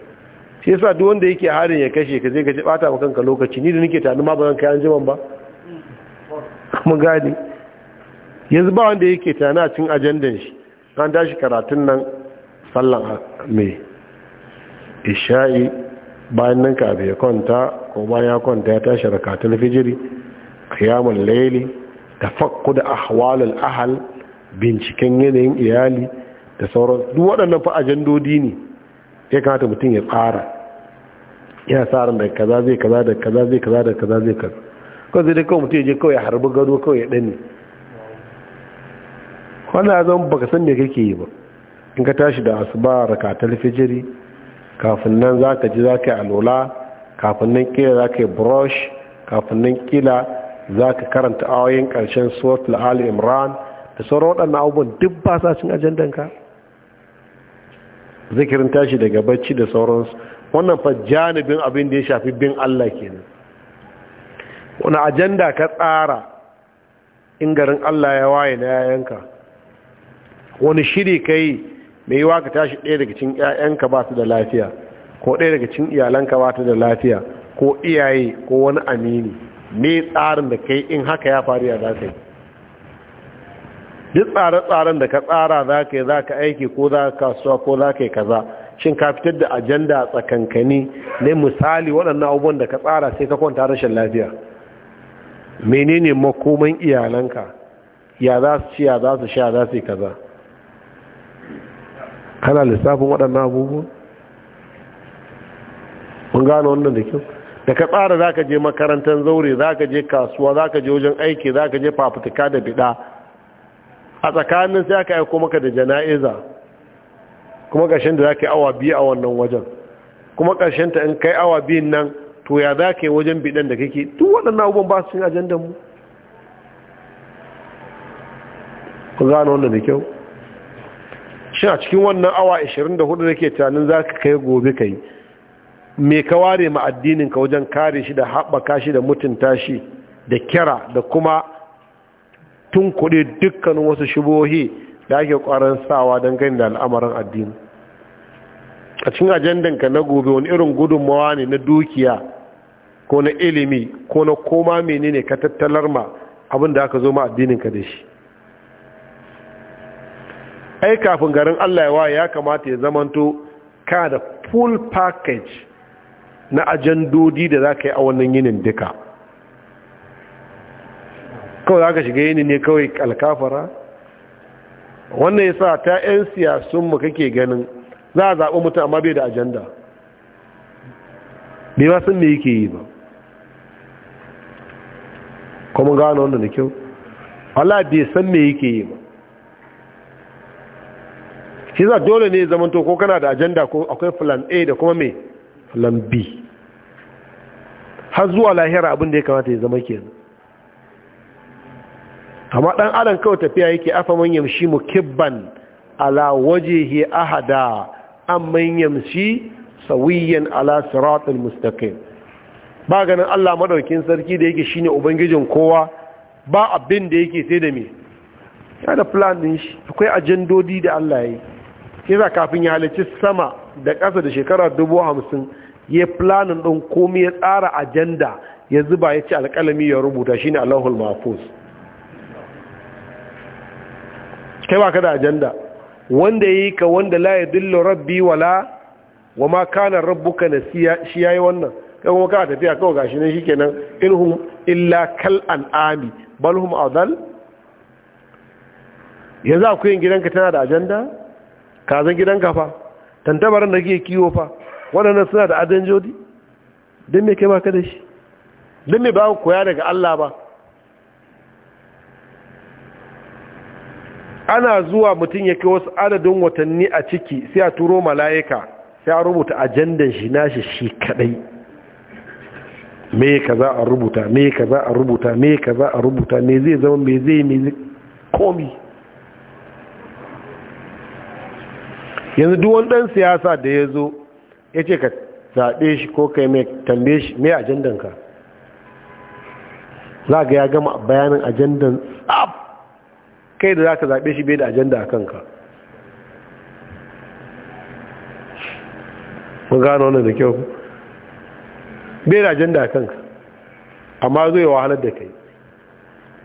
shi yasa duk wanda yake harin ya kashe ka zai ka ji bata kanka lokaci ni da nake tani ma ba zan kai an jiman ba mun gane yanzu ba wanda yake tani a cikin ajandan shi an tashi karatun nan sallan mai isha'i bayan nan ka bai kwanta ko bayan ya kwanta ya tashi rakatun fijiri kiyamun laili da fakku da ahwalul ahal binciken yanayin iyali da sauran duk waɗannan fa ajandodi ne ya kamata mutum ya tsara ya tsarin da kaza zai kaza da kaza zai kaza da kaza zai kaza kawai zai da kawai mutum ya je kawai ya harbi gado kawai ya ɗani ya zama baka san me kake yi ba in ka tashi da asuba rakatar fijiri kafin nan za ka ji za ka yi alola kafin nan kila za ka yi brush kafin nan kila za ka karanta ayoyin ƙarshen suratul ali imran da sauran waɗannan abubuwan duk ba sa cin ajandanka zikirin tashi daga bacci da sauransu wannan fa janibin abin da ya shafi bin Allah kenan wani ajanda ka tsara in garin Allah ya waye na yayanka wani shiri ka yi mai yiwa ka tashi ɗaya daga cikin yayanka ba su da lafiya ko ɗaya daga cikin iyalanka ba su da lafiya ko iyaye ko wani amini ne tsarin da kai in haka ya faru ya zaka yi duk tsare-tsaren da ka tsara za ka yi za ka aiki ko za ka kasuwa ko za ka yi kaza shin ka fitar da ajanda a tsakankani ne misali waɗannan abubuwan da ka tsara sai ka kwanta rashin lafiya menene makoman iyalanka ya za su ci ya za su sha za su yi kaza kana lissafin waɗannan abubuwan mun gano wannan da kyau da ka tsara za ka je makarantar zaure za ka je kasuwa za ka je wajen aiki za ka je fafutuka da bida a tsakanin sai aka aiko maka da jana'iza kuma ƙarshen da za ka yi awa biyu a wannan wajen kuma ƙarshen ta in kai awa biyun nan to ya za ka yi wajen bidan da kake duk waɗannan abubuwan ba su cin ajandar mu ku gano wannan da kyau shi a cikin wannan awa 24 da ke tunanin za ka kai gobe ka yi me ka ware ma addinin ka wajen kare shi da haɓaka shi da mutunta shi da kira da kuma tun kuɗi dukkanin wasu shubohi da ake ƙwarar sawa don gani da al'amarin addini a cikin ajandanka na gobe wani irin gudunmawa ne na dukiya ko na ilimi ko na koma menene ka tattalar ma abin da aka zo ma addininka da shi ai kafin garin allah ya ya kamata ya zamanto ka da full package na ajandodi da za ka yi a wannan yinin duka kawai za ka shiga yinin ne kawai alkafara wannan ya sa ta 'yan siyasunmu kake ganin za a zaɓi mutum amma bai da ajanda bai ba sun me yake yi ba kuma gano wanda da kyau Allah bai san me yake yi ba shi za dole ne zamanto ko kana da ajanda ko akwai filan a da kuma mai filan b har zuwa lahira abin da ya kamata ya zama kenan amma dan adam kawai tafiya yake afa man yamshi kibban ala wajhihi ahada manyan yamshi sawiyan ala siratal mustaqim ba ganin Allah maɗaukin sarki da yake shine ubangijin kowa ba abin da yake sai da me ya da plan din shi akwai ajandodi da Allah ya yi kafin ya halicci sama da ƙasa da shekara dubu hamsin ya planin ɗin komai ya tsara ajanda ya zuba ya ci alƙalami ya rubuta shi ne Allahul mafus kai ba ka da ajanda wanda ya yi ka wanda laye dillo rabbi wala wa ma kana rabbuka na shi ya yi wannan kai kuma ka tafiya kawai gashi ne shikenan inhum illa kal an'ami bal hum adal yanzu akwai gidanka tana da ajanda kazan gidanka fa tantabarin da kike kiwo fa waɗannan suna da adon jodi don me kai ba ka da shi don me ba koya daga Allah ba ana zuwa mutum ya kai wasu adadin watanni a ciki sai a turo mala'ika sai a rubuta ajandan shi nashi shi kadai me ka za a rubuta me ka za a rubuta me ka za a rubuta me zai zama me zai me komi yanzu duwan ɗan siyasa da ya zo ya ce ka zaɓe shi ko kai mai tambaye shi mai ajandanka za ga ya gama bayanin ajandan tsab kai da za ka zaɓe shi bai da ajanda a kanka mun gano wannan da kyau bai da ajanda a kanka amma zai wahalar da kai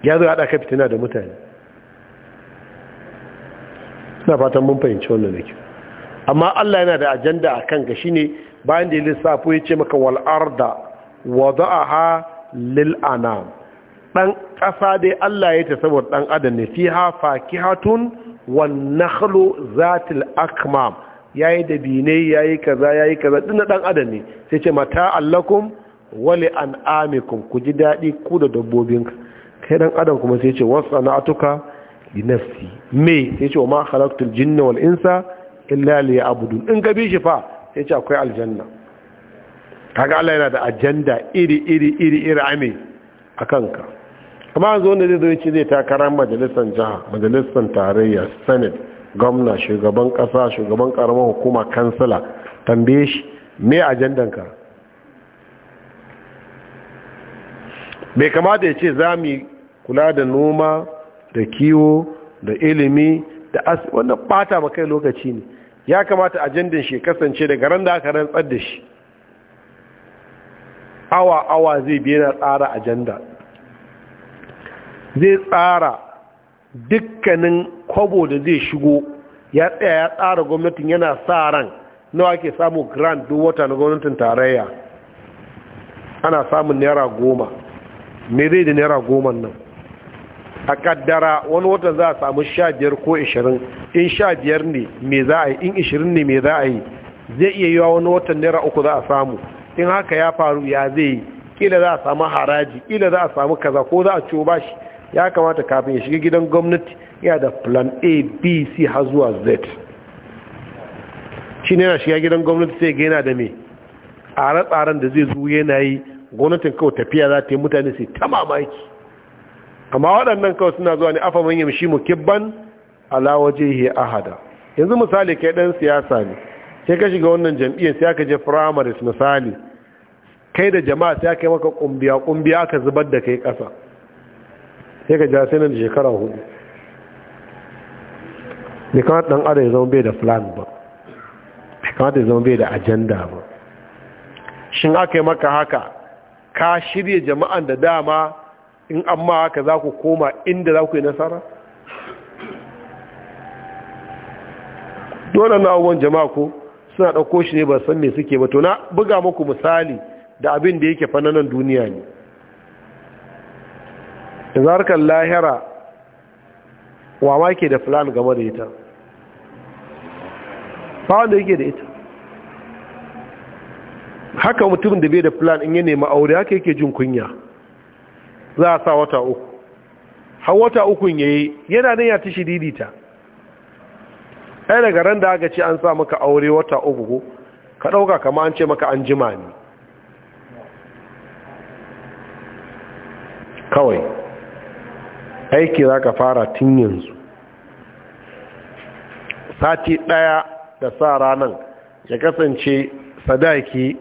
ya zo haɗa ka fitina da mutane na fatan mun fahimci wannan da kyau amma Allah yana da ajanda a kanka ne bayan da ya lissafo ya ce maka wal'arda, arda wada'aha lil lil'ana. dan ƙasa dai Allah ya ta saboda ɗan adam ne fi fiha fakihatun wan nakhlu zatil akmam yayi da bine yayi kaza yayi kaza din dan adam ne sai ce mata allakum wali an'amikum ku ji dadi ku da dabbobinka kai dan adam kuma sai ce wasana'atuka atuka nafsi me sai ce wa ma khalaqtul jinna wal insa illa li abudun in ka bi shi fa sai ce akwai aljanna kaga Allah yana da ajanda iri iri iri iri ame a kanka amma yanzu wanda zai zo yace zai takarar majalisar jiha majalisar tarayya senate gwamna shugaban kasa shugaban karamar hukuma kansila tambaye shi me ka. bai kamata ya ce za mu kula da noma da kiwo da ilimi da asibiti wannan bata kai lokaci ne ya kamata ajandan shi kasance daga ran da aka rantsar da shi awa awa zai biya na tsara ajanda zai tsara dukkanin kwabo da zai shigo ya tsaya ya tsara gwamnatin yana sa ran nawa ke samun grand duk wata na gwamnatin tarayya ana samun naira goma me zai da naira goma nan a kaddara wani watan za a samu sha biyar ko ishirin in sha biyar ne me za a yi in ishirin ne me za a yi zai iya yiwa wani watan naira uku za a samu in haka ya faru ya zai yi kila za a samu haraji kila za a samu kaza ko za a ciwo bashi ya kamata kafin ya shiga gidan gwamnati ya da plan a b c har zuwa z shi ne yana shiga gidan gwamnati sai ga yana da me tsare da zai zo yanayi gwamnatin kawai tafiya za ta yi mutane sai ta mamaki amma waɗannan kawai suna zuwa ne afa man mu kibban ala wajhihi ahada yanzu misali kai ɗan siyasa ne sai ka shiga wannan jam'iyyar sai aka je primaries misali kai da jama'a sai aka yi maka ƙumbiya ƙumbiya aka zubar da kai ƙasa sai ka ja sai nan da shekara hudu bai kamata dan adam ya zama bai da plan ba bai kamata ya zama bai da agenda ba shin aka yi maka haka ka shirya jama'an da dama in amma haka za ku koma inda za ku yi nasara dole na abubuwan jama'a ko suna ɗauko shi ne ba san me suke ba to na buga muku misali da abin da yake fananan duniya ne da zarkar lahira wa ma ke da fulani game da ita ba wanda yake da ita haka mutum da bai da filan in ya nemi aure haka yake jin kunya za a sa wata uku har wata ukun ya yana nan ya ta shididita ai daga ran da aka ce an sa maka aure wata uku ka ɗauka kamar an ce maka an jima ne kawai aiki za ka fara tun yanzu sati ɗaya da sa ranar ya kasance sadaki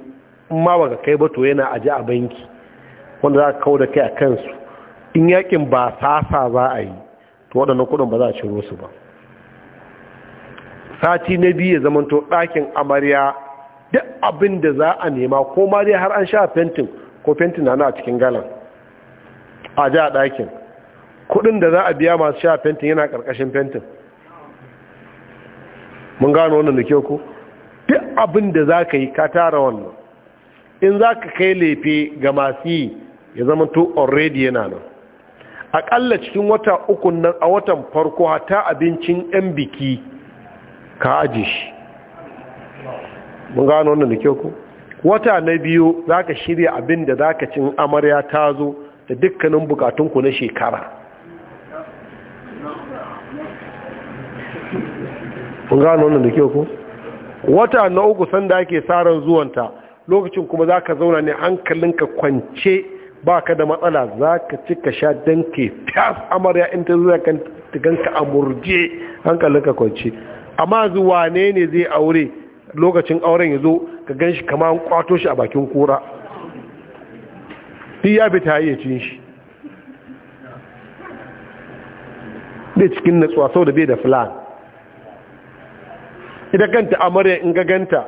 ma baka kai ba to yana aji a banki wanda za ka kawo da kai a kansu in yakin ba sasa za a yi to waɗannan kudin ba za a ciro su ba sati na biyu ya zamanto ɗakin amarya duk abin da za a nema ko ma dai har an sha fentin ko fentin na na cikin galan a ji a ɗakin kudin da za a biya masu sha fentin yana ƙarƙashin fentin mun gano wannan da kyau ku duk abin da za ka yi ka tara wannan in za ka kai lefe ga masu yi ya zama to already yana nan aƙalla cikin wata uku nan a watan farko hata abincin 'yan biki ka aji shi mun gano wannan da kyau ku wata na biyu za ka shirya abin da za ka cin amarya ta zo da dukkanin bukatunku na shekara mun gano wannan da kyau ku wata na uku sanda ake tsarin zuwanta lokacin kuma za ka zauna ne hankalinka kwance ba ka da matsala za ka ci ka sha danke fiyas amarya in ta zuwa kan tiganka a murje hankalin ka kwanci amma zuwa ne ne zai aure lokacin auren ya zo ka gan shi kama an kwato shi a bakin kura ɗi ya fi ta hayyacin shi bai cikin natsuwa sau da bai da filan idan kanta amarya in ga ganta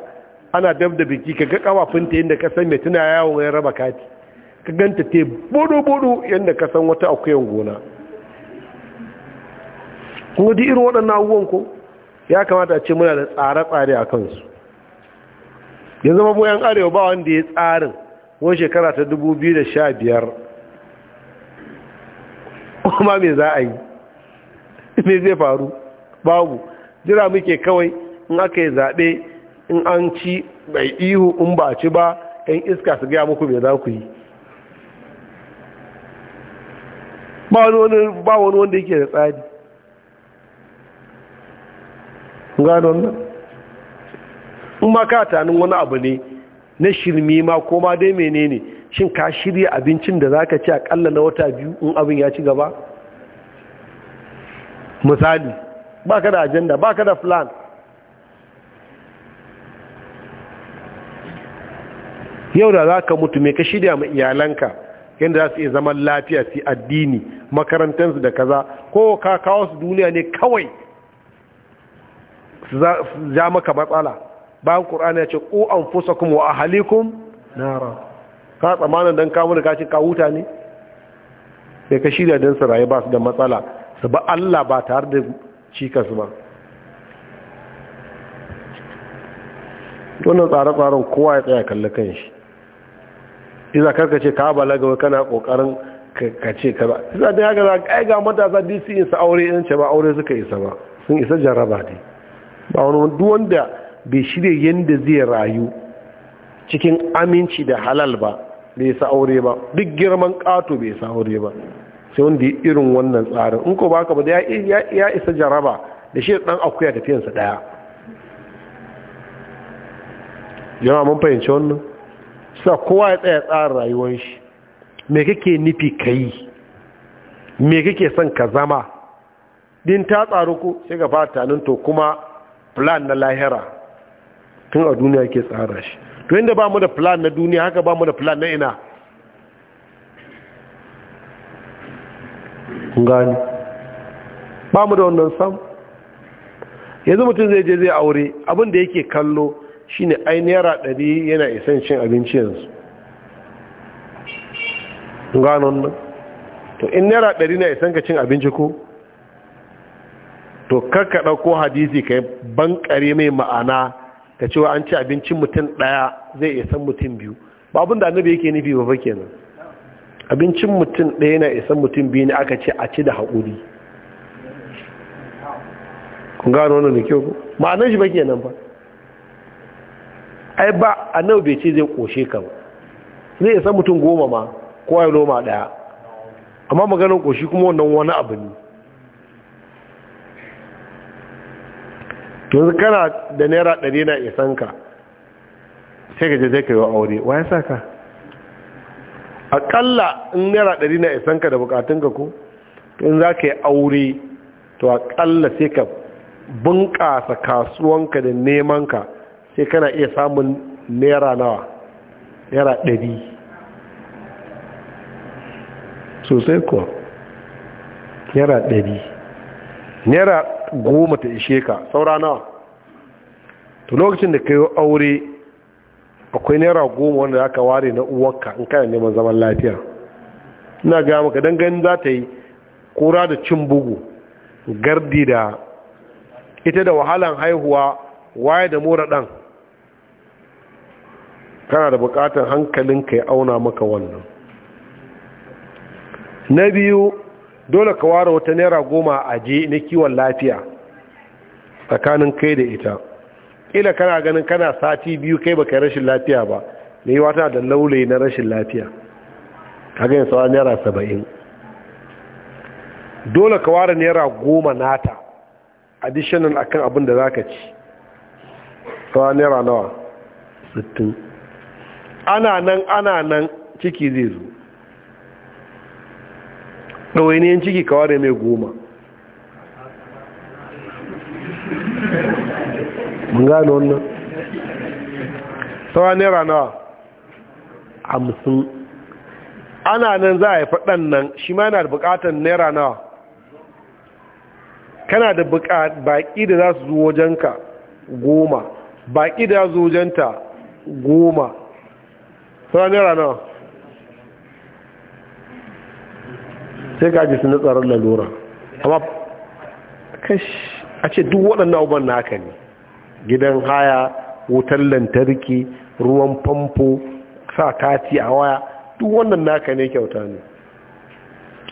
ana dab da biki ka ga kawafinta inda ka san mai tuna yawon ya raba kati ka ganta te bodo-bodo yadda ka san wata akuyan gona kuma di irin waɗannan abubuwan ko ya kamata a ce muna da tsare-tsare a kansu ya zama boyan arewa ba wanda ya tsarin wani shekara ta 2015 kuma me za a yi me zai faru babu jira muke kawai in aka yi zaɓe in an ci mai ihu in ba ci ba 'yan iska su gaya muku me za ku yi ba wani wanda yake da tsari gano nan in ma ka tanin wani abu ne na shirme ma ko ma dai menene shin ka shirya abincin da zaka ci akalla na wata biyu in abin ya ci gaba misali baka da ajanda baka da plan yau da za ka mutu me ka shirya ma iyalanka yadda za su iya zaman lafiya su addini makarantarsu da kaza ko ka kawo su duniya ne kawai su ja maka matsala bayan ƙur'ani ya ce ku an fusa kuma wa ahalikum nara ka tsamanin don kawo da kashi ka ne sai ka shirya don su rayu ba su da matsala su ba Allah ba tare da cikas ba wannan tsare-tsaren kowa ya tsaya kalli kan shi iza karka ce ka balaga wai kana kokarin ka ce ka ba iza da haka za ka ga matasa dc in sa aure in ce ba aure suka isa ba sun isa jaraba ne ba wani duk wanda bai shirya yadda zai rayu cikin aminci da halal ba bai sa aure ba duk girman kato bai sa aure ba sai wanda irin wannan tsarin in ko ba ka ba da ya isa jaraba da shi dan akuya tafiyansa daya jama'a mun fahimci wannan sa kowa ya tsaya tsarin rayuwar shi me kake nufi ka yi me kake son ka zama din ta tsaru ku sai ka fara tanin to kuma plan na lahira tun a duniya ke tsara shi to inda ba mu da plan na duniya haka ba mu da plan na ina gani ba mu da wannan sam yanzu mutum zai je zai aure abin da yake kallo shine ai naira ɗari yana isan cin abinci yanzu ganon nan to in naira ɗari na isan ka cin abinci ko to karka ɗauko hadisi ka yi bankare mai ma'ana ka cewa an ci abincin mutum ɗaya zai isan mutum biyu ba abin da annabi yake nufi ba fake nan abincin mutum ɗaya na isan mutum biyu ne aka ce a ci da haƙuri kun gano wannan da kyau ma'anar shi ba ke nan ba ai ba a annabi bai ce zai koshe ka ba zai isa mutum goma ma ko ya noma daya amma maganar koshi kuma wannan wani abu ne yanzu kana da naira ɗari na isan ka sai ka je zai ka yi aure wa sa ka aƙalla in naira ɗari na isan ka da ka ko in za ka yi aure to aƙalla sai ka bunƙasa kasuwanka da nemanka sai kana iya samun naira nawa naira ɗari sosai kuwa naira ɗari naira goma ta ishe ka saura nawa to lokacin da ka yi aure akwai naira goma wanda aka ware na uwarka in kana neman zaman lafiya ina gaya maka don ganin za ta yi kura da cin bugu gardi da ita da wahalan haihuwa waye da mura ɗan kana da bukatar ka ya auna maka wannan na biyu dole ka ware wata naira goma a je na kiwon lafiya tsakanin kai da ita ila kana ganin kana sati biyu kai baka rashin lafiya ba na yi wata da laulayi na rashin lafiya a ganin tsawon naira saba'in dole ka ware naira goma nata additional akan abin da za ka ci tsawon naira nawa sittin. ana nan ana nan ciki zai zo ɗawainiyan ciki kawar mai goma mun gano wannan tsawon naira nawa hamsin ana nan za a yi faɗan nan shi ma yana da buƙatar naira nawa kana da baƙi da za su zo wajenka goma baƙi da za su zo wajenta goma sauran naira nawa sai gaji su na tsaron lalura amma a ce duk waɗannan abubuwan na haka ne gidan haya wutar lantarki ruwan famfo sa kati a waya duk wannan naka ne kyauta ne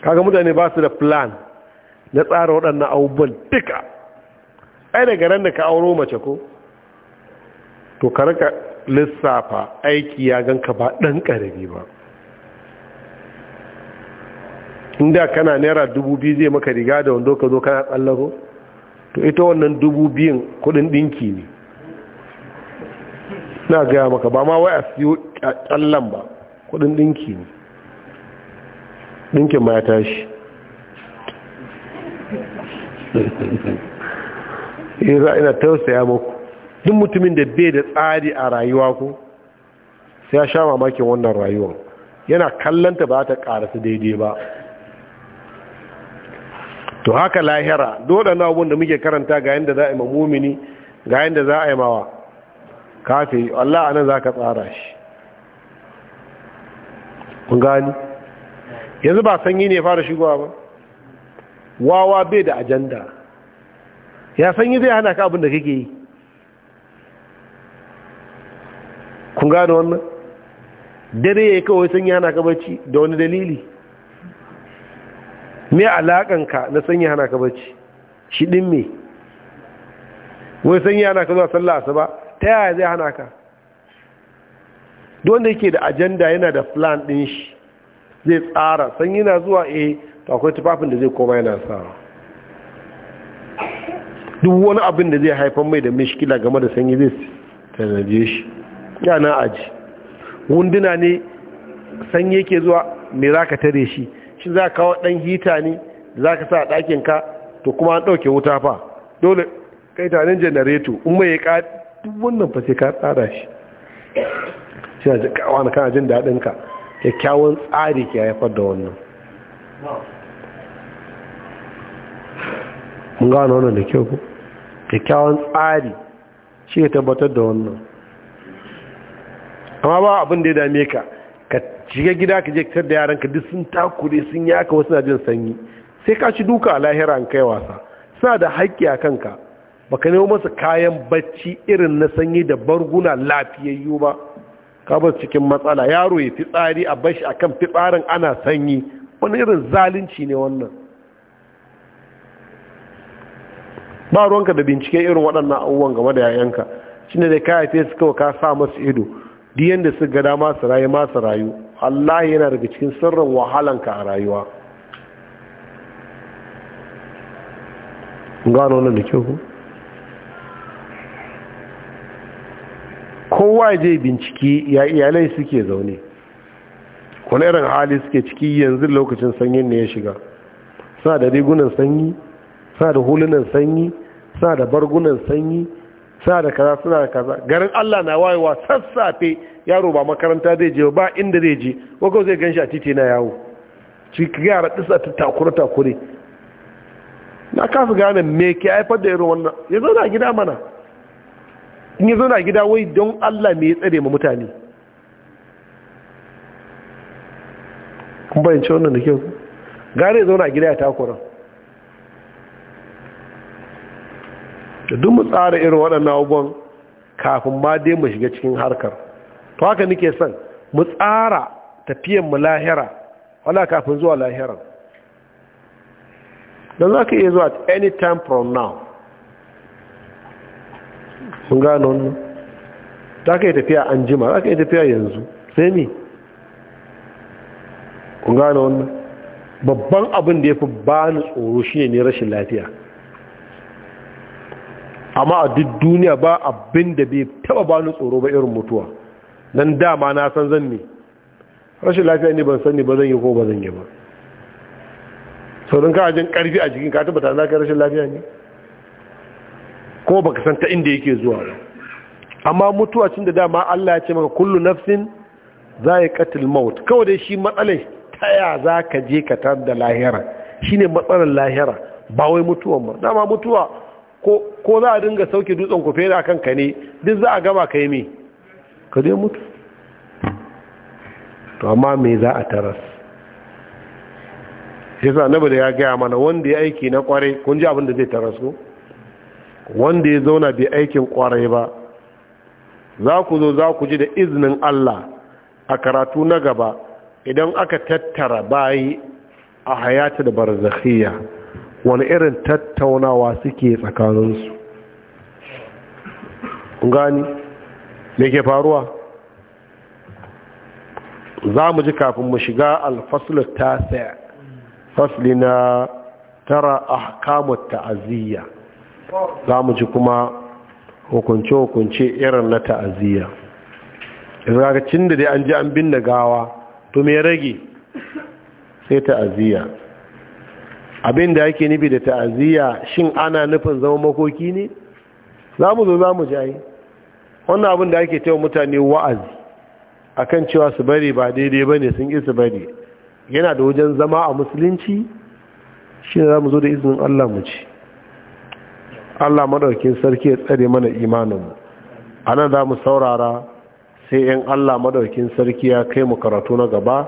kaga mutane ba su da plan na tsara waɗannan abubuwan duka ai daga ran da ka auro mace ko to ka lissafa aiki ya gan ka ba ɗan ƙarami ba inda kana naira dubu biyu zai maka riga da wando ka zo kana tsallaro to ita wannan dubu biyun kudin ɗinki ne na gaya maka ba ma wai a siyo a tsallan ba kudin ɗinki ne ɗinkin ma ya tashi ina tausaya muku duk mutumin da bai da tsari a rayuwa ku sai ya sha mamakin wannan rayuwar yana kallanta ba ta karasu daidai ba to haka lahira dole na abun da muke karanta ga yadda za a yi mumini ga yadda za a yi mawa kafe Allah anan za ka tsara shi kun gani yanzu ba sanyi ne fara shigowa ba wawa bai da ajanda ya sanyi zai hana ka abin da kake yi kun gano wannan dare ya yi kawai sun yana ka bacci da wani dalili me alaƙanka na sun hana ka bacci shi ɗin me wai sun hana ka zuwa sallah asuba ta yaya zai hana ka da yake da ajanda yana da plan ɗin shi zai tsara sanyi na zuwa eh akwai tufafin da zai koma yana sawa duk wani abin da zai haifan mai da mishkila game da sanyi zai tanaje shi ya na aji wunduna ne sanyi yake zuwa me za ka tare shi shi za kawo ɗan hita ne za ka sa ɗakinka to kuma an ɗauke wuta fa dole kai tanin janareto in mai ya duk wannan fashe ka tsara shi shi na jikawa na kanajin daɗin daɗinka kyakkyawan tsari ke haifar da wannan mun gano wannan da kyau ku kyakkyawan tsari shi ya tabbatar da wannan amma ba abin da ya dame ka ka shiga gida ka je ka da yaran ka duk sun takure sun aka wasu na jin sanyi sai ka ci duka a lahira an kai wasa suna da haƙƙi a kanka baka nemo masa kayan bacci irin na sanyi da barguna lafiyayyu ba ka ba cikin matsala yaro ya fitsari a bashi akan fitsarin ana sanyi wani irin zalunci ne wannan ba ruwanka da bincike irin waɗannan abubuwan game da yayanka shine da ka haife su kawai ka sa masu ido Diyan da su ga masu rayu masu rayu Allah yana daga cikin sirrin wahalanka a rayuwa gano nan da kyau kowa je bincike ya iyalai suke zaune wani irin hali suke ciki yanzu lokacin sanyin ne ya shiga suna da rigunan sanyi suna da hulunan sanyi suna da bargunan sanyi suna da kaza suna da kaza garin Allah na wayewa sassafe yaro ba makaranta zai je ba inda zai je wako zai ganshi a titi na yawo shi yara disa ta takure takure na kasu gane me ke haifar da irin wannan ya zo na gida mana in ya zo na gida wai don Allah me ya tsare ma mutane kun bayyance wannan da kyau gane ya zo na gida ya takura da duk mu tsara irin waɗannan abubuwan kafin ma dai mu shiga cikin harkar to haka nake son mu tsara tafiyan mu lahira wala kafin zuwa lahiran don za ka iya zuwa at any time from now sun gano wannan za ka yi tafiya an jima za ka yi tafiya yanzu sai ne kun gano wannan babban abin da ya fi ba ni tsoro shi ne rashin lafiya amma a duk duniya ba abin da bai taba bani tsoro ba irin mutuwa nan dama na san zan ne rashin lafiya ne ban sani ba zan yi ko ba zan yi ba saurin ka ajin karfi a jikin ka tabbata za ka rashin lafiya ne ko ba san ta inda yake zuwa ba amma mutuwa cin da dama Allah ya ce maka kullu nafsin za yi katil maut kawai dai shi matsalai ta ya za ka je ka tar da lahira Shi ne matsalar lahira ba wai mutuwan ba dama mutuwa ko za a dinga sauke dutsen ku fere akan ka ne duk za a gama ka me ka dai mutu to amma me za a taras shi sa na da ya gaya mana wanda ya aiki na kware kun ji abin da zai taras wanda ya zauna bai aikin kwarai ba za ku zo za ku ji da izinin Allah a karatu na gaba idan aka tattara bayi a hayata da barzakhiyya wani irin tattaunawa suke tsakaninsu gani me ke faruwa za mu ji kafin mu shiga alfasul tasa fasli na tara ahkamut ta'aziyya za mu ji kuma hukunce-hukunce irin na ta'aziyya izagacin da dai an ji an binne gawa to me rage sai ta'aziyya abin da yake nufi da ta'aziyya shin ana nufin zama makoki ne za mu zo za mu jayi wannan abin da ake cewa mutane wa'azi kan cewa su bari ba daidai ba ne sun isa bari yana da wajen zama a musulunci shi za mu zo da izinin allah mu ci allah madaukin sarki ya tsare mana imaninmu a nan za mu saurara sai 'yan allah maɗaukin sarki ya kai mu karatu na gaba